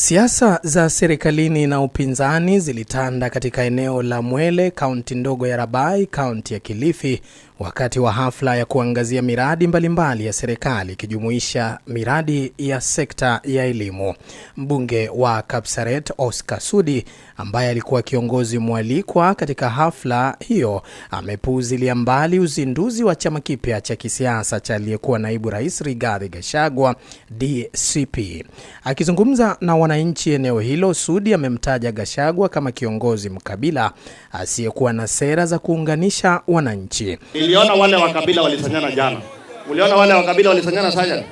Siasa za serikalini na upinzani zilitanda katika eneo la Mwele, kaunti ndogo ya Rabai, kaunti ya Kilifi, wakati wa hafla ya kuangazia miradi mbalimbali ya serikali ikijumuisha miradi ya sekta ya elimu. Mbunge wa Kapsaret Oscar Sudi, ambaye alikuwa kiongozi mwalikwa katika hafla hiyo, amepuuzilia mbali uzinduzi wa chama kipya cha kisiasa cha aliyekuwa naibu rais Rigathi Gachagua DCP. Akizungumza na wananchi eneo hilo, Sudi amemtaja Gashagwa kama kiongozi mkabila asiyekuwa na sera za kuunganisha wananchi. Niliona wale wakabila walisanyana jana, uliona wale wakabila walisanyana sana.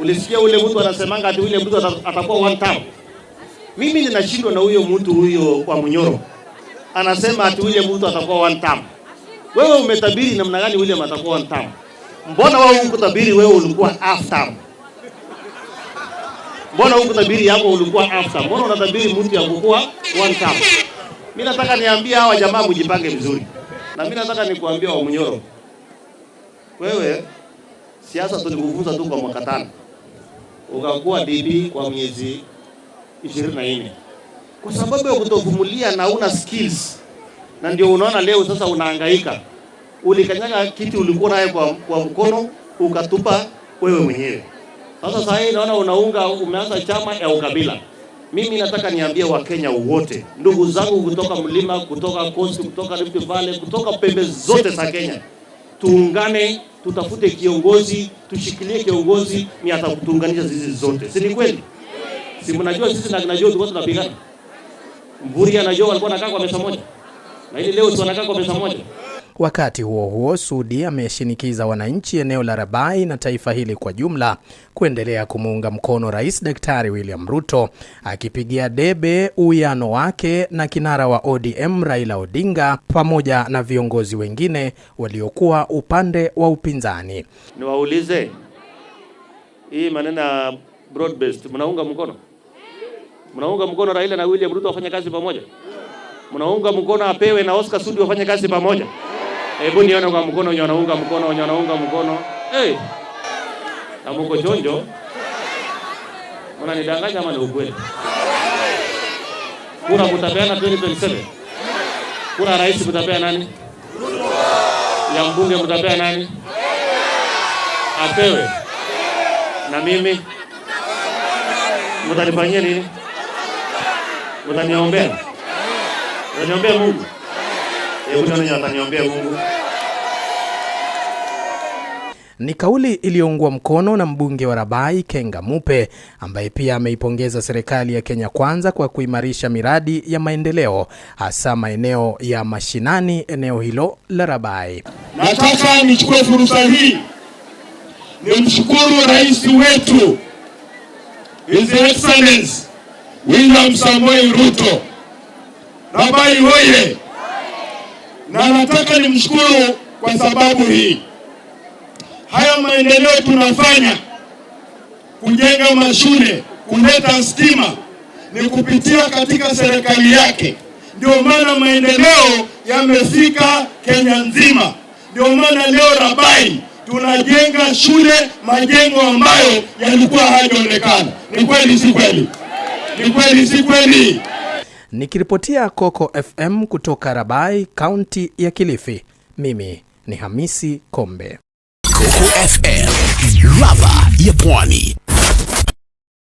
Ulisikia ule mtu anasemanga ati ule mtu atakuwa one time. Mimi ninashindwa na huyo mtu huyo wa Munyoro anasema ati ule mtu atakuwa one time. Wewe umetabiri namna gani ule atakuwa one time? Mbona wewe ukutabiri, wewe ulikuwa after time? Mbona huku tabiri yako ulikuwa afsa? Mbona unatabiri mtu ya one time? Mimi nataka niambie hawa jamaa mjipange mzuri, Na mimi nataka nikuambia wa Munyoro. Wewe siasa tulikuvuza tu kwa mwaka tano. Ukakuwa DP kwa miezi 24. Kwa sababu ya kutovumilia na una skills. Na ndio unaona leo sasa unahangaika. Ulikanyaga kiti ulikuwa naye kwa, kwa mkono ukatupa wewe mwenyewe. Sasa saa hii naona unaunga umeanza chama ya ukabila. Mimi nataka niambie Wakenya wote, ndugu zangu kutoka mlima, kutoka Coast, kutoka Rift Valley, kutoka pembe zote za Kenya, tuungane, tutafute kiongozi, tushikilie kiongozi ni atakutuunganisha zizi zote, si ni kweli? Si mnajua sisi na najua tuko tunapigana Mburi, anajua walikuwa wanakaa kwa mesa moja, na ile leo tu anakaa kwa mesa moja. Wakati huo huo, Sudi ameshinikiza wananchi eneo la Rabai na taifa hili kwa jumla kuendelea kumuunga mkono Rais Daktari William Ruto, akipigia debe uwiano wake na kinara wa ODM Raila Odinga pamoja na viongozi wengine waliokuwa upande wa upinzani. Niwaulize, hii maneno ya broad based mnaunga mkono? Mnaunga mkono Raila na William Ruto wafanye kazi pamoja? Mnaunga mkono apewe na Oscar Sudi wafanye kazi pamoja? Hebu nione kwa mkono wenye wanaunga mkono, wenye wanaunga mkono. Hey. Na mko chonjo. Mnanidanganya ama ni ukweli? Kura mtapeana 2027. Kura ya rais mtapea nani? Ya mbunge mtapea nani? Apewe. Na mimi mtanifanyia nini? Mtaniombea. Mtaniombea Mungu. Mungu. Ni kauli iliyoungwa mkono na mbunge wa Rabai Kenga Mupe ambaye pia ameipongeza serikali ya Kenya Kwanza kwa kuimarisha miradi ya maendeleo hasa maeneo ya mashinani eneo hilo la Rabai. Nataka nichukue fursa hii nimshukuru rais wetu His Excellency William Samoei Ruto. Rabai hoye! na nataka nimshukuru kwa sababu hii. Haya maendeleo tunafanya kujenga mashule, kuleta stima ni kupitia katika serikali yake. Ndio maana maendeleo yamefika Kenya nzima. Ndio maana leo Rabai tunajenga shule, majengo ambayo yalikuwa hayajaonekana. Ni kweli si kweli? Ni kweli si kweli? Nikiripotia Coco FM kutoka Rabai, kaunti ya Kilifi, mimi ni Hamisi Kombe, Coco FM, ladha ya Pwani.